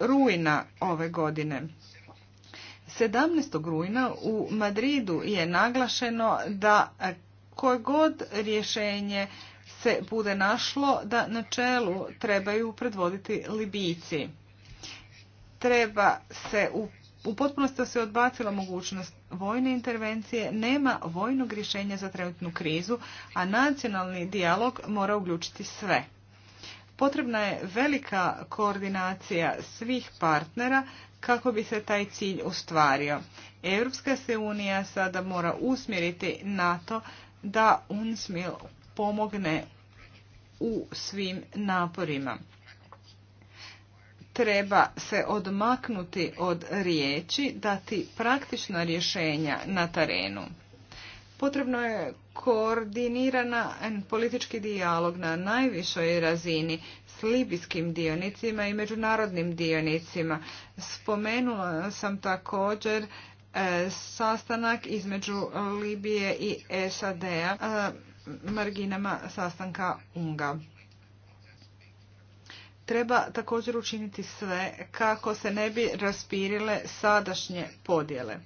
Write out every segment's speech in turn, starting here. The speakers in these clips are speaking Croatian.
rujna ove godine. 17. rujna u Madridu je naglašeno da koje god rješenje se bude našlo da na čelu trebaju predvoditi Libijci. Treba se u, u potpunosti se odbacila mogućnost vojne intervencije, nema vojnog rješenja za trenutnu krizu, a nacionalni dijalog mora uključiti sve. Potrebna je velika koordinacija svih partnera kako bi se taj cilj ostvario. Europska se unija sada mora usmjeriti na to da UNSMIL pomogne u svim naporima. Treba se odmaknuti od riječi, dati praktična rješenja na terenu. Potrebno je koordinirana politički dijalog na najvišoj razini s libijskim dionicima i međunarodnim dionicima. Spomenula sam također e, sastanak između Libije i SAD-a e, marginama sastanka UNGA. Treba također učiniti sve kako se ne bi raspirile sadašnje podjele.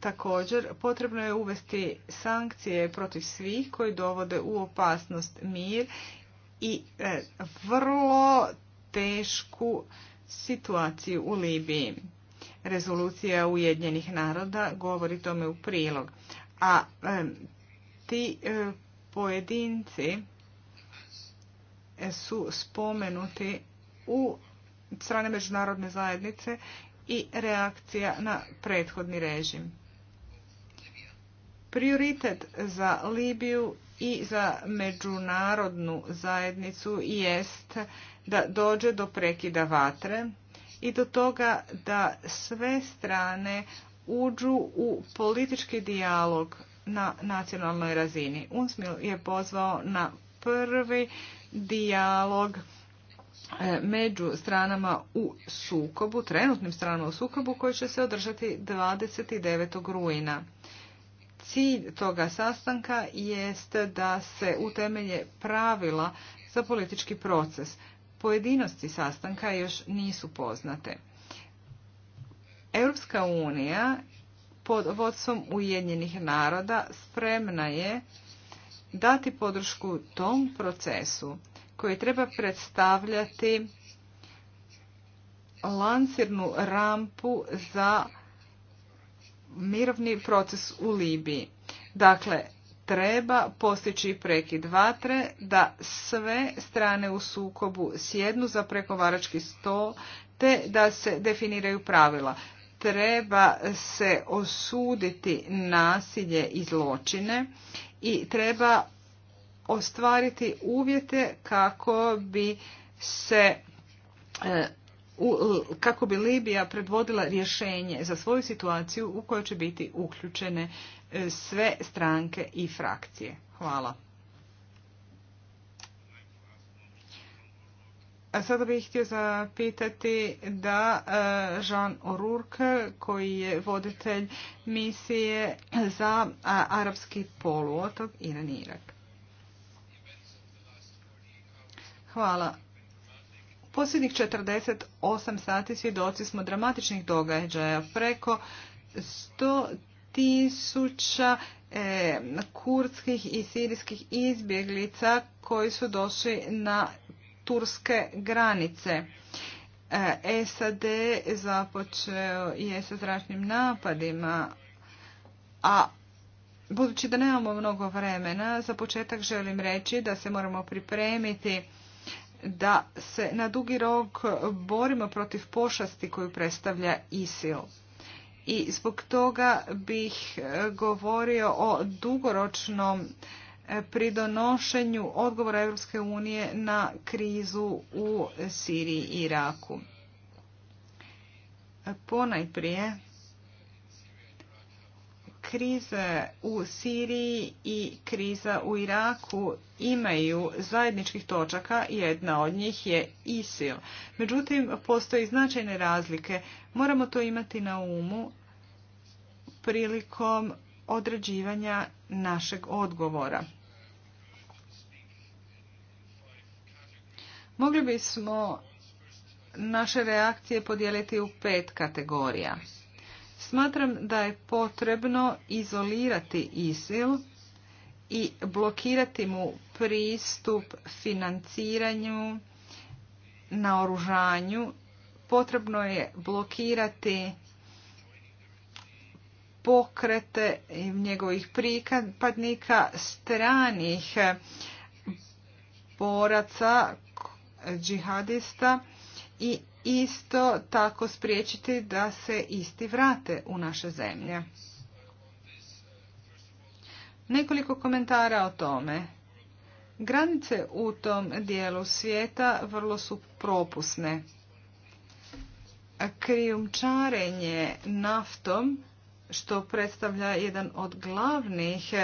Također, potrebno je uvesti sankcije protiv svih koji dovode u opasnost mir i e, vrlo tešku situaciju u Libiji. Rezolucija Ujedinjenih naroda govori tome u prilog. A e, ti e, pojedinci su spomenuti u strane međunarodne zajednice i reakcija na prethodni režim. Prioritet za Libiju i za međunarodnu zajednicu jest da dođe do prekida vatre i do toga da sve strane uđu u politički dijalog na nacionalnoj razini. UNSMIL je pozvao na prvi dijalog e, među stranama u sukobu, trenutnim stranama u sukobu, koji će se održati 29. rujna. Cilj toga sastanka jest da se utemelje pravila za politički proces. Pojedinosti sastanka još nisu poznate. Europska unija pod vodstvom Ujedinjenih naroda spremna je dati podršku tom procesu koji treba predstavljati lancirnu rampu za mirovni proces u Libiji. Dakle, treba postići prekid vatre da sve strane u sukobu sjednu za prekovarački stol te da se definiraju pravila. Treba se osuditi nasilje i zločine i treba ostvariti uvjete kako bi se e, kako bi Libija predvodila rješenje za svoju situaciju u kojoj će biti uključene e, sve stranke i frakcije. Hvala. A sada bih htio zapitati da e, Jean O'Rourke, koji je voditelj misije za arapski poluotok Iran i Irak. Hvala. Posljednjih 48 sati svjedoci smo dramatičnih događaja. Preko 100 tisuća e, kurdskih i sirijskih izbjeglica koji su došli na turske granice. E, SAD započeo je sa zračnim napadima, a budući da nemamo mnogo vremena, za početak želim reći da se moramo pripremiti da se na dugi rok borimo protiv pošasti koju predstavlja ISIL. I zbog toga bih e, govorio o dugoročnom e, pridonošenju odgovora Europske unije na krizu u Siriji i Iraku. E, ponajprije krize u Siriji i kriza u Iraku imaju zajedničkih točaka, jedna od njih je ISIL. Međutim, postoji značajne razlike. Moramo to imati na umu prilikom određivanja našeg odgovora. Mogli bismo naše reakcije podijeliti u pet kategorija. Smatram da je potrebno izolirati ISIL i blokirati mu pristup financiranju, na oružanju. Potrebno je blokirati pokrete njegovih pripadnika stranih boraca džihadista i isto tako spriječiti da se isti vrate u naše zemlje. Nekoliko komentara o tome. Granice u tom dijelu svijeta vrlo su propusne. Krijumčarenje naftom, što predstavlja jedan od glavnih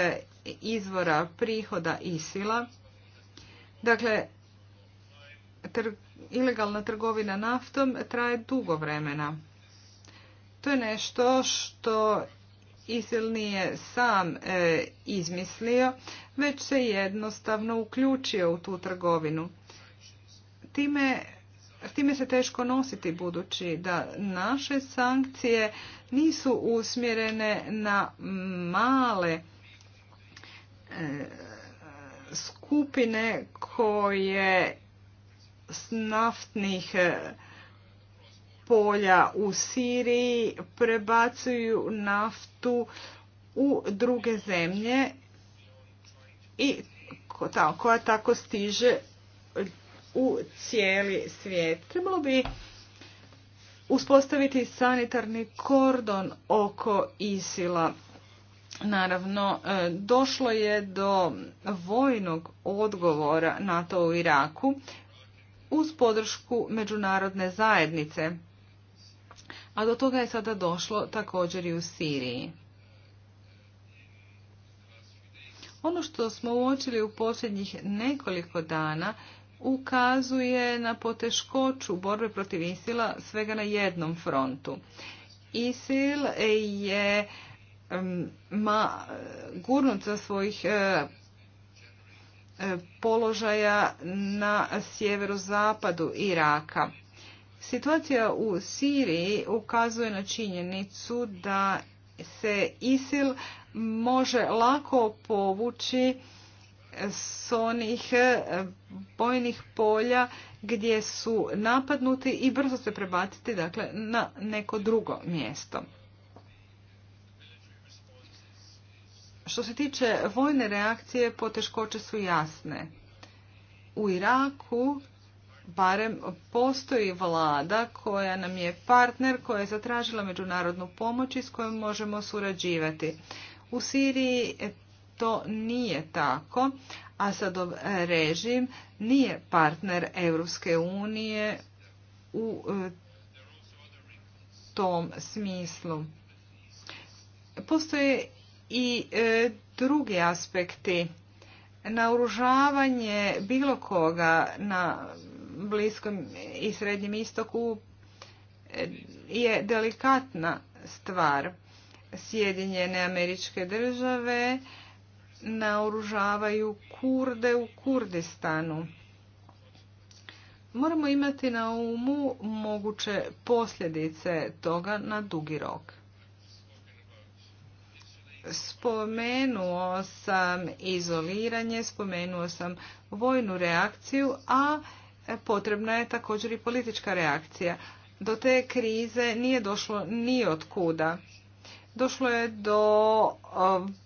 izvora prihoda i sila, dakle, ilegalna trgovina naftom traje dugo vremena. To je nešto što Isil nije sam e, izmislio, već se jednostavno uključio u tu trgovinu. Time, time se teško nositi budući da naše sankcije nisu usmjerene na male e, skupine koje naftnih e, polja u Siriji prebacuju naftu u druge zemlje i koja tako stiže u cijeli svijet. Trebalo bi uspostaviti sanitarni kordon oko Isila. Naravno, e, došlo je do vojnog odgovora NATO u Iraku uz podršku međunarodne zajednice. A do toga je sada došlo također i u Siriji. Ono što smo uočili u posljednjih nekoliko dana ukazuje na poteškoću borbe protiv Isila svega na jednom frontu. Isil je ma, gurnut za svojih E, položaja na sjeverozapadu Iraka. Situacija u Siriji ukazuje na činjenicu da se ISIL može lako povući s onih e, bojnih polja gdje su napadnuti i brzo se prebaciti dakle, na neko drugo mjesto. Što se tiče vojne reakcije, poteškoće su jasne. U Iraku barem postoji vlada koja nam je partner, koja je zatražila međunarodnu pomoć i s kojom možemo surađivati. U Siriji to nije tako, a sad režim nije partner Europske unije u e, tom smislu. Postoje i e, drugi aspekti. Naoružavanje bilo koga na Bliskom i Srednjem istoku e, je delikatna stvar. Sjedinjene američke države naoružavaju kurde u Kurdistanu. Moramo imati na umu moguće posljedice toga na dugi rok spomenuo sam izoliranje, spomenuo sam vojnu reakciju, a potrebna je također i politička reakcija. Do te krize nije došlo ni od kuda. Došlo je do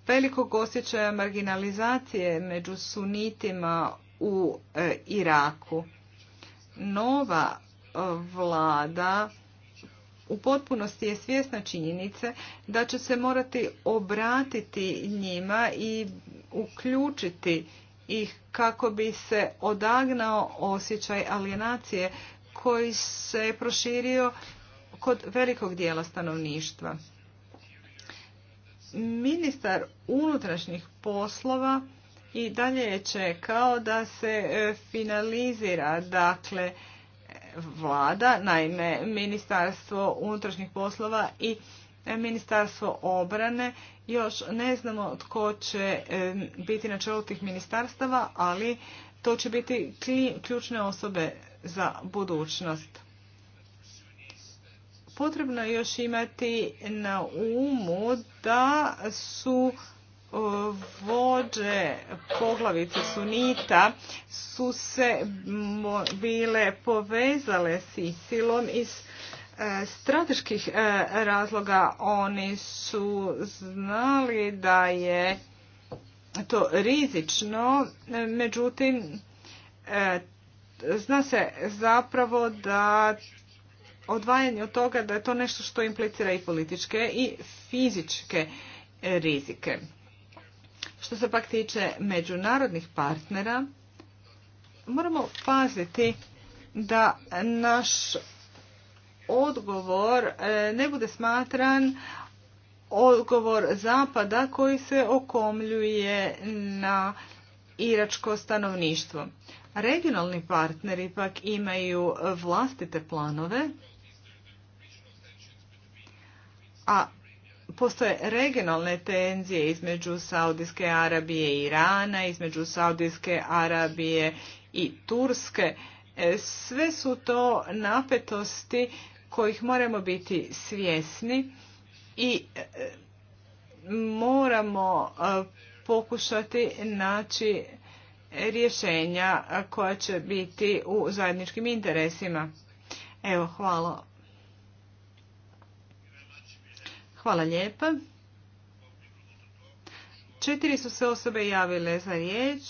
velikog osjećaja marginalizacije među sunitima u e, Iraku. Nova e, vlada u potpunosti je svjesna činjenice da će se morati obratiti njima i uključiti ih kako bi se odagnao osjećaj alienacije koji se proširio kod velikog dijela stanovništva. Ministar unutrašnjih poslova i dalje je čekao da se e, finalizira dakle vlada, naime Ministarstvo unutrašnjih poslova i Ministarstvo obrane. Još ne znamo tko će biti na čelu tih ministarstava, ali to će biti ključne osobe za budućnost. Potrebno je još imati na umu da su vođe poglavice sunita su se bile povezale s Isilom iz e, strateških e, razloga. Oni su znali da je to rizično, međutim e, zna se zapravo da odvajanje od toga da je to nešto što implicira i političke i fizičke rizike. Što se pak tiče međunarodnih partnera, moramo paziti da naš odgovor e, ne bude smatran odgovor zapada koji se okomljuje na iračko stanovništvo. Regionalni partneri pak imaju vlastite planove, a postoje regionalne tenzije između Saudijske Arabije i Irana, između Saudijske Arabije i Turske. E, sve su to napetosti kojih moramo biti svjesni i e, moramo e, pokušati naći rješenja koja će biti u zajedničkim interesima. Evo, hvala Hvala lijepa. Četiri su se osobe javile za riječ.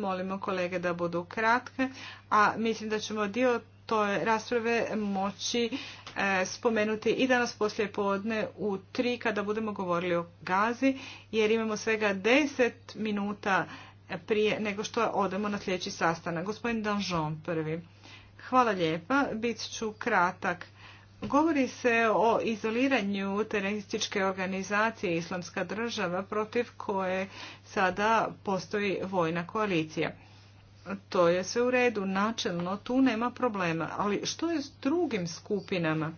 Molimo kolege da budu kratke, a mislim da ćemo dio toj rasprave moći e, spomenuti i danas poslije podne u tri kada budemo govorili o gazi, jer imamo svega deset minuta prije nego što odemo na sljedeći sastanak. Gospodin Danžon prvi. Hvala lijepa, bit ću kratak. Govori se o izoliranju terorističke organizacije Islamska država protiv koje sada postoji vojna koalicija. To je sve u redu, načelno tu nema problema, ali što je s drugim skupinama?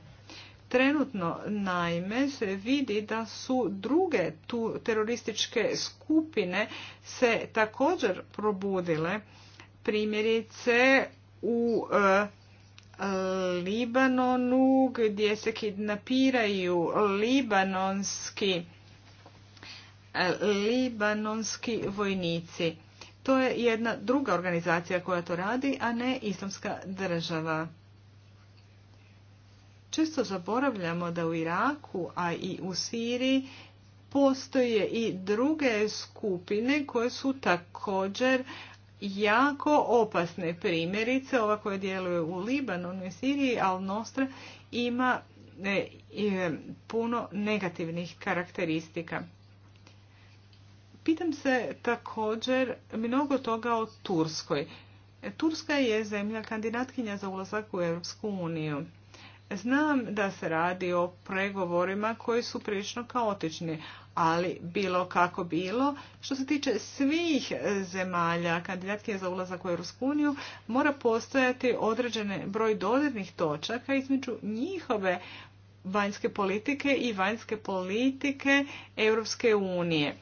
Trenutno naime se vidi da su druge tu terorističke skupine se također probudile, primjerice u e, Libanonu gdje se kidnapiraju libanonski libanonski vojnici. To je jedna druga organizacija koja to radi, a ne islamska država. Često zaboravljamo da u Iraku, a i u Siriji, postoje i druge skupine koje su također jako opasne primjerice, ova koja djeluje u Libanu, i Siriji, al Nostra ima e, e, puno negativnih karakteristika. Pitam se također mnogo toga o Turskoj. Turska je zemlja kandidatkinja za ulazak u Europsku uniju. Znam da se radi o pregovorima koji su prilično kaotični, ali bilo kako bilo. Što se tiče svih zemalja kandidatke za ulazak u EU, mora postojati određen broj dodirnih točaka između njihove vanjske politike i vanjske politike Europske unije.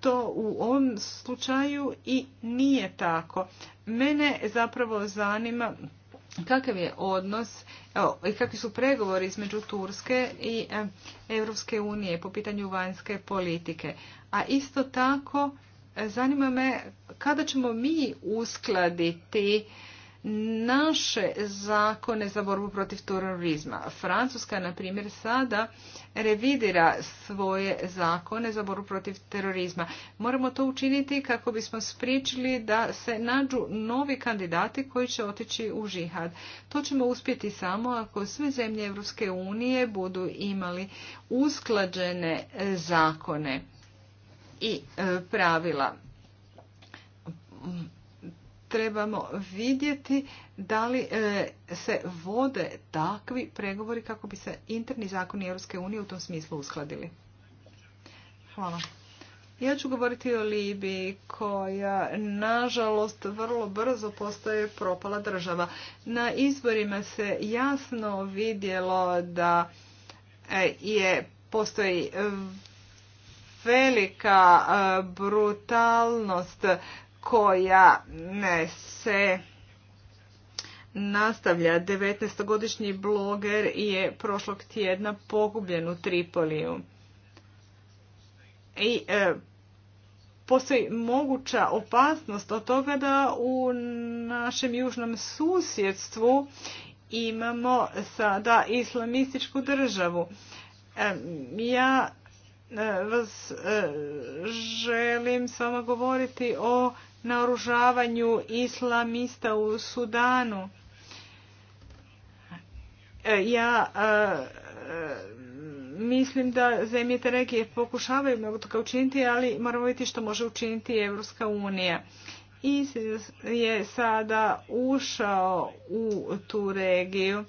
To u ovom slučaju i nije tako. Mene zapravo zanima kakav je odnos i kakvi su pregovori između Turske i e, Europske unije po pitanju vanjske politike. A isto tako e, zanima me kada ćemo mi uskladiti naše zakone za borbu protiv terorizma. Francuska, na primjer, sada revidira svoje zakone za borbu protiv terorizma. Moramo to učiniti kako bismo spriječili da se nađu novi kandidati koji će otići u žihad. To ćemo uspjeti samo ako sve zemlje Europske unije budu imali usklađene e, zakone i e, pravila trebamo vidjeti da li e, se vode takvi pregovori kako bi se interni zakoni Europske unije u tom smislu uskladili. Hvala. Ja ću govoriti o Libiji koja nažalost vrlo brzo postaje propala država. Na izborima se jasno vidjelo da e, je postoji velika e, brutalnost koja ne se nastavlja. 19-godišnji bloger je prošlog tjedna pogubljen u Tripoliju. I e, postoji moguća opasnost od toga da u našem južnom susjedstvu imamo sada islamističku državu. E, ja e, vas želim samo govoriti o naoružavanju islamista u Sudanu. E, ja e, mislim da zemlje te regije pokušavaju mnogo toga učiniti, ali moramo vidjeti što može učiniti Evropska unija. ISIS je sada ušao u tu regiju.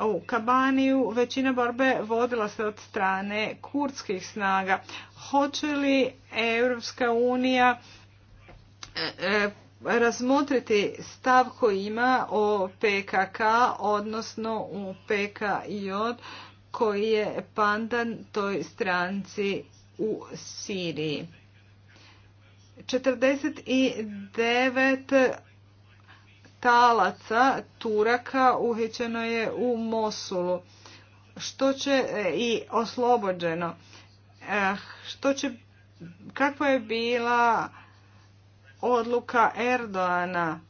U Kabaniju većina borbe vodila se od strane kurdskih snaga. Hoće li Evropska unija E, razmotriti stav koji ima o PKK, odnosno u PKJ koji je pandan toj stranci u Siriji. 49 talaca Turaka uhićeno je u Mosulu, što će e, i oslobođeno. E, što će, kakva je bila odluka Erdoana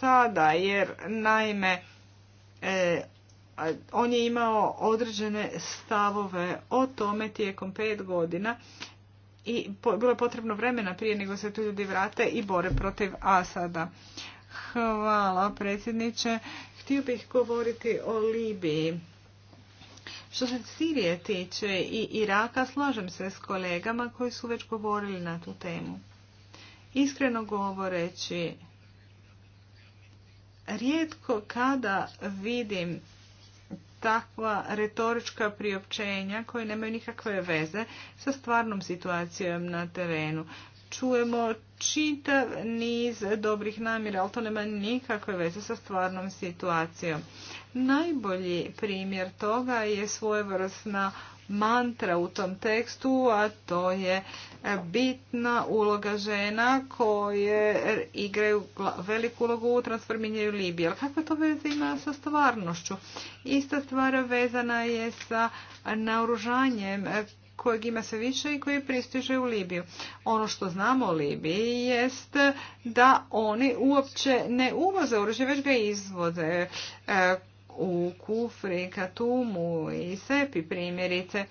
sada, jer naime e, on je imao određene stavove o tome tijekom pet godina i bilo je potrebno vremena prije nego se tu ljudi vrate i bore protiv Asada. Hvala predsjedniče. Htio bih govoriti o Libiji. Što se Sirije tiče i Iraka, slažem se s kolegama koji su već govorili na tu temu. Iskreno govoreći, rijetko kada vidim takva retorička priopćenja koje nemaju nikakve veze sa stvarnom situacijom na terenu. Čujemo čitav niz dobrih namjera, ali to nema nikakve veze sa stvarnom situacijom. Najbolji primjer toga je svojevrsna mantra u tom tekstu, a to je bitna uloga žena koje igraju veliku ulogu u transformiranju Libije. Ali kakva to veze ima sa stvarnošću? Ista stvar vezana je sa naoružanjem kojeg ima sve više i koji pristiže u Libiju. Ono što znamo o Libiji jest da oni uopće ne uvoze oružje, već ga izvoze e, u Kufri, Katumu i Sepi primjerice.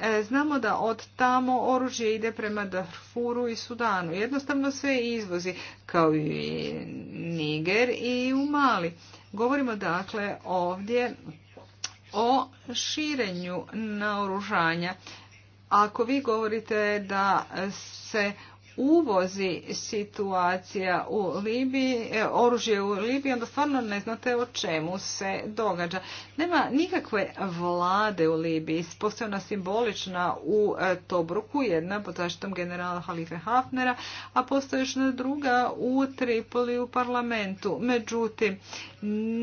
E, znamo da od tamo oružje ide prema Darfuru i Sudanu. Jednostavno sve izvozi, kao i Niger i u Mali. Govorimo dakle ovdje o širenju naoružanja. Ako vi govorite da se uvozi situacija u Libiji, e, oružje u Libiji, onda stvarno ne znate o čemu se događa. Nema nikakve vlade u Libiji, postoje ona simbolična u e, Tobruku, jedna pod zaštitom generala Halife Hafnera, a postoji još druga u Tripoli u parlamentu. Međutim,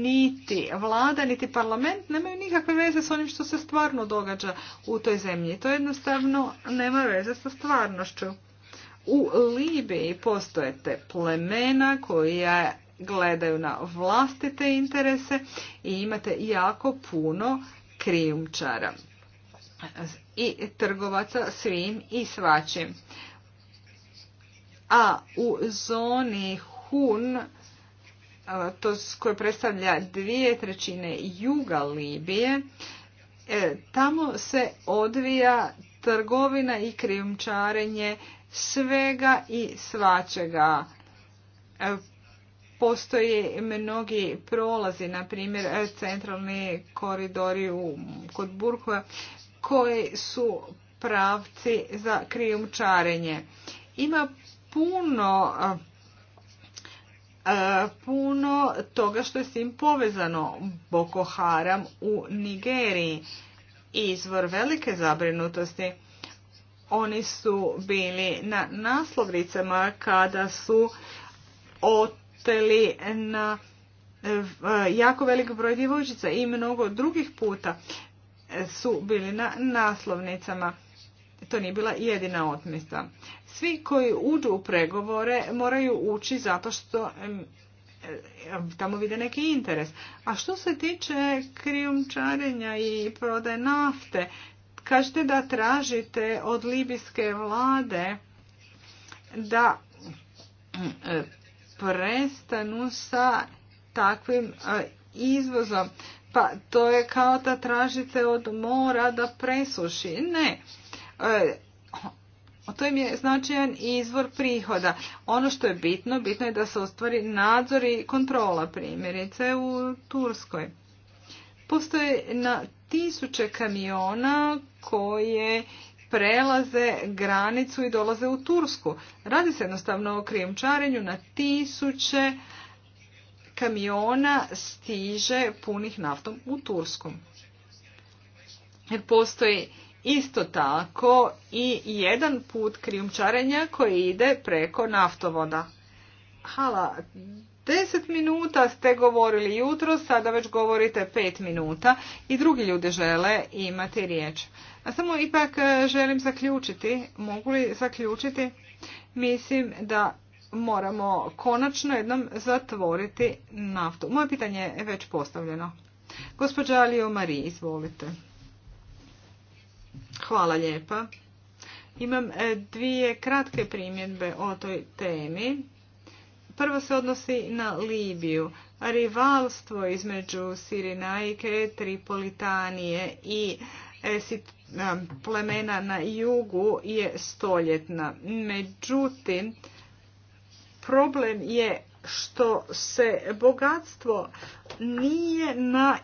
niti vlada, niti parlament nemaju nikakve veze s onim što se stvarno događa u toj zemlji. To jednostavno nema veze sa stvarnošću. U Libiji postoje plemena koja gledaju na vlastite interese i imate jako puno krijumčara i trgovaca svim i svačim. A u zoni Hun, to koje predstavlja dvije trećine juga Libije, e, tamo se odvija trgovina i krijumčarenje svega i svačega. E, postoje mnogi prolazi, na primjer e, centralni koridori kod Burkova, koji su pravci za krijumčarenje. Ima puno e, puno toga što je s tim povezano. Boko Haram u Nigeriji. Izvor velike zabrinutosti. Oni su bili na naslovnicama kada su oteli na eh, jako velik broj djevojčica i mnogo drugih puta su bili na naslovnicama. To nije bila jedina otmista. Svi koji uđu u pregovore moraju ući zato što eh, tamo vide neki interes. A što se tiče krijumčarenja i prodaje nafte, Kažete da tražite od libijske vlade da e, prestanu sa takvim e, izvozom. Pa to je kao da tražite od mora da presuši. Ne. E, to im je značajan izvor prihoda. Ono što je bitno, bitno je da se ostvari nadzor i kontrola primjerice u Turskoj. Postoje na tisuće kamiona koje prelaze granicu i dolaze u Tursku. Radi se jednostavno o krijumčarenju na tisuće kamiona stiže punih naftom u Turskom. Jer postoji isto tako i jedan put krijumčarenja koji ide preko naftovoda. Hala, Deset minuta ste govorili jutro, sada već govorite pet minuta i drugi ljudi žele imati riječ. A samo ipak e, želim zaključiti, mogu li zaključiti? Mislim da moramo konačno jednom zatvoriti naftu. Moje pitanje je već postavljeno. Gospođa Alio Marije, izvolite. Hvala lijepa. Imam e, dvije kratke primjedbe o toj temi. Prvo se odnosi na Libiju. Rivalstvo između Sirinajke, Tripolitanije i e, plemena na jugu je stoljetna. Međutim, problem je što se bogatstvo nije na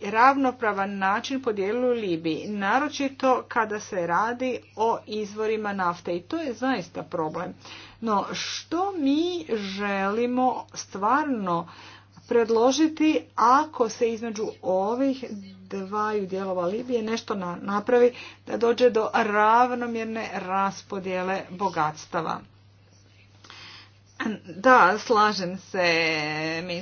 ravnopravan način podijelilo u Libiji, naročito kada se radi o izvorima nafte i to je zaista problem. No što mi želimo stvarno predložiti ako se između ovih dvaju dijelova Libije nešto napravi da dođe do ravnomjerne raspodjele bogatstava. Da, slažem se,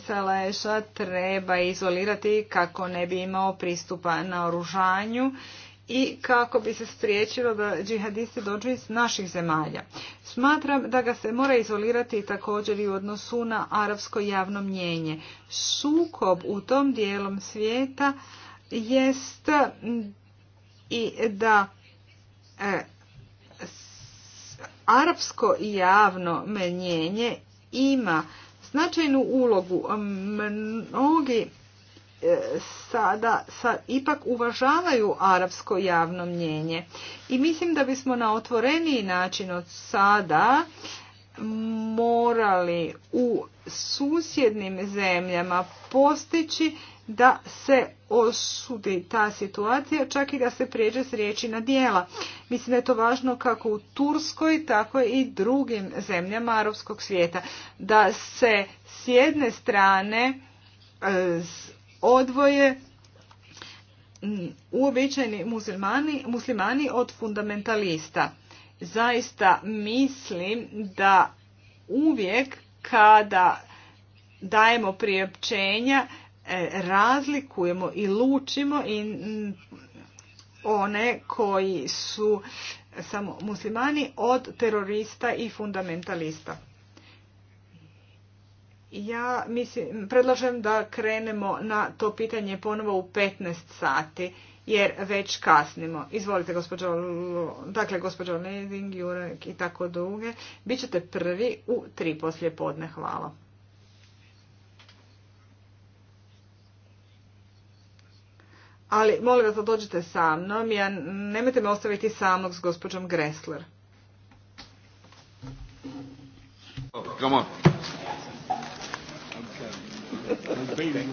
je Leša treba izolirati kako ne bi imao pristupa na oružanju i kako bi se spriječilo da džihadisti dođu iz naših zemalja. Smatram da ga se mora izolirati također i u odnosu na arapsko javno mnjenje. Sukob u tom dijelom svijeta jest i da e, arapsko javno mnjenje ima značajnu ulogu. Mnogi E, sada ipak uvažavaju arapsko javno mnjenje. I mislim da bismo na otvoreniji način od sada morali u susjednim zemljama postići da se osudi ta situacija, čak i da se prijeđe s riječi na dijela. Mislim da je to važno kako u Turskoj, tako i drugim zemljama arapskog svijeta. Da se s jedne strane e, odvoje uobičajeni muslimani, muslimani od fundamentalista. Zaista mislim da uvijek kada dajemo priopćenja e, razlikujemo i lučimo i one koji su samo muslimani od terorista i fundamentalista. Ja mislim, predlažem da krenemo na to pitanje ponovo u 15 sati, jer već kasnimo. Izvolite, gospođo, dakle, gospođo Leding, Jurek i tako duge Bićete prvi u tri poslije podne. Hvala. Ali molim vas da dođete sa mnom, ja, nemojte me ostaviti samog s gospođom Gressler. Oh, come on. We'll bail